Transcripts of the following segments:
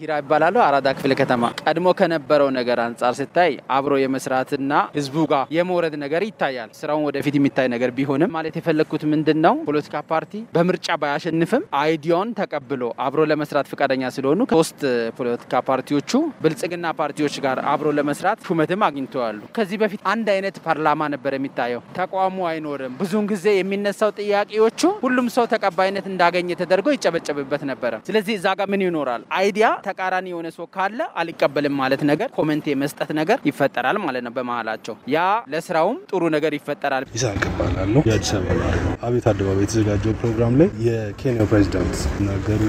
ሂራ ይባላሉ። አራዳ ክፍለ ከተማ ቀድሞ ከነበረው ነገር አንጻር ስታይ አብሮ የመስራትና ህዝቡ ጋር የመውረድ ነገር ይታያል። ስራውን ወደፊት የሚታይ ነገር ቢሆንም ማለት የፈለግኩት ምንድን ነው ፖለቲካ ፓርቲ በምርጫ ባያሸንፍም አይዲያውን ተቀብሎ አብሮ ለመስራት ፈቃደኛ ስለሆኑ ከሶስት ፖለቲካ ፓርቲዎቹ ብልጽግና ፓርቲዎች ጋር አብሮ ለመስራት ሹመትም አግኝተዋሉ። ከዚህ በፊት አንድ አይነት ፓርላማ ነበር የሚታየው። ተቋሙ አይኖርም። ብዙውን ጊዜ የሚነሳው ጥያቄዎቹ ሁሉም ሰው ተቀባይነት እንዳገኘ ተደርጎ ይጨበጨብበት ነበረ። ስለዚህ እዛ ጋር ምን ይኖራል አይዲያ ተቃራኒ የሆነ ሰው ካለ አልቀበልም ማለት ነገር ኮመንት የመስጠት ነገር ይፈጠራል ማለት ነው በመሀላቸው። ያ ለስራውም ጥሩ ነገር ይፈጠራል። ይሳቅ እባላለሁ። የአዲስ አበባ አቤት አደባባይ የተዘጋጀው ፕሮግራም ላይ የኬንያ ፕሬዚዳንት ሲናገሩ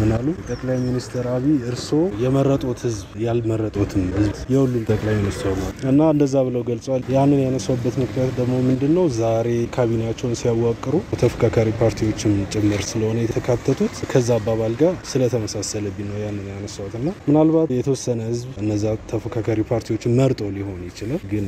ምናሉ ጠቅላይ ሚኒስትር አብይ እርስዎ የመረጡት ህዝብ ያልመረጡትን ህዝብ የሁሉም ጠቅላይ ሚኒስትር ነው እና እንደዛ ብለው ገልጸዋል። ያንን ያነሳበት ምክንያት ደግሞ ምንድን ነው? ዛሬ ካቢኔያቸውን ሲያዋቅሩ ተፎካካሪ ፓርቲዎችም ጭምር ስለሆነ የተካተቱት ከዛ አባባል ጋር ስለተመሳሰለብኝ ነው ያንን ያነሳሁት እና ምናልባት የተወሰነ ህዝብ እነዛ ተፎካካሪ ፓርቲዎችን መርጦ ሊሆን ይችላል። ግን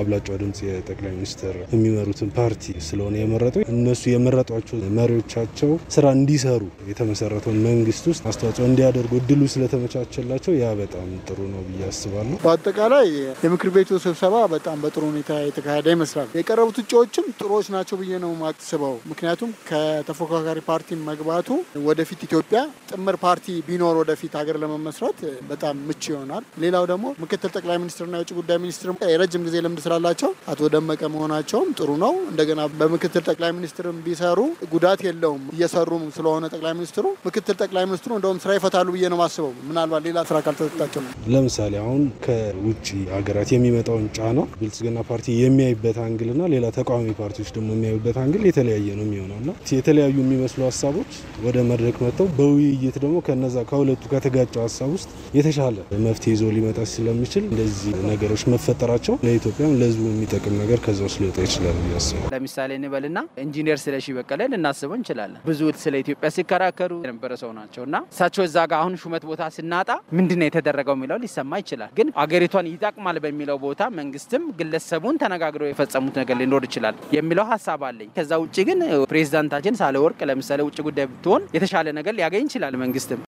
አብላጫው ድምጽ የጠቅላይ ሚኒስትር የሚመሩትን ፓርቲ ስለሆነ የመረጠው እነሱ የመረጧቸው መሪዎቻቸው ስራ እንዲሰሩ የተመሰረተውን መንግስት ውስጥ አስተዋጽኦ እንዲያደርጉ እድሉ ስለተመቻቸላቸው ያ በጣም ጥሩ ነው ብዬ አስባለሁ። በአጠቃላይ የምክር ቤቱ ስብሰባ በጣም በጥሩ ሁኔታ የተካሄደ ይመስላል። የቀረቡት እጩዎችም ጥሩዎች ናቸው ብዬ ነው ማስበው። ምክንያቱም ከተፎካካሪ ፓርቲ መግባቱ ወደፊት ኢትዮጵያ ጥምር ፓርቲ ቢኖር ወደፊት ሀገር ለመመስረት በጣም ምቹ ይሆናል። ሌላው ደግሞ ምክትል ጠቅላይ ሚኒስትርና የውጭ ጉዳይ ሚኒስትር የረጅም ጊዜ ልምድ ስላላቸው አቶ ደመቀ መሆናቸውም ጥሩ ነው። እንደገና በምክትል ጠቅላይ ሚኒስትርም ቢሰሩ ጉዳት የለውም። እየሰሩም ስለሆነ ጠቅላይ ሚኒስትሩ ምክትል ጠቅላይ ሚኒስትሩ እንደውም ስራ ይፈታሉ ብዬ ነው ማስበው። ምናልባት ሌላ ስራ ካልተሰጣቸው ለምሳሌ አሁን ከውጭ ሀገራት የሚመጣውን ጫና ብልጽግና ፓርቲ የሚያይበት አንግልና ሌላ ተቃዋሚ ፓርቲዎች ደግሞ የሚያዩበት አንግል የተለያየ ነው የሚሆነው የሚሆነውና የተለያዩ የሚመስሉ ሀሳቦች ወደ መድረክ መጥተው በውይይት ደግሞ ከነዛ ከሁለቱ ከተ ከተጋጨው ሀሳብ ውስጥ የተሻለ መፍትሄ ይዞ ሊመጣ ስለሚችል እንደዚህ ነገሮች መፈጠራቸው ለኢትዮጵያም ለህዝቡ የሚጠቅም ነገር ከዛ ውስጥ ሊወጣ ይችላል ያስባል። ለምሳሌ እንበልና ኢንጂነር ስለሺ በቀለ ልናስበው እንችላለን። ብዙ ስለ ኢትዮጵያ ሲከራከሩ የነበረ ሰው ናቸው እና እሳቸው እዛ ጋር አሁን ሹመት ቦታ ስናጣ ምንድነው የተደረገው የሚለው ሊሰማ ይችላል። ግን አገሪቷን ይጠቅማል በሚለው ቦታ መንግስትም ግለሰቡን ተነጋግረው የፈጸሙት ነገር ሊኖር ይችላል የሚለው ሀሳብ አለኝ። ከዛ ውጭ ግን ፕሬዚዳንታችን ሳህለወርቅ ለምሳሌ ውጭ ጉዳይ ብትሆን የተሻለ ነገር ሊያገኝ ይችላል መንግስትም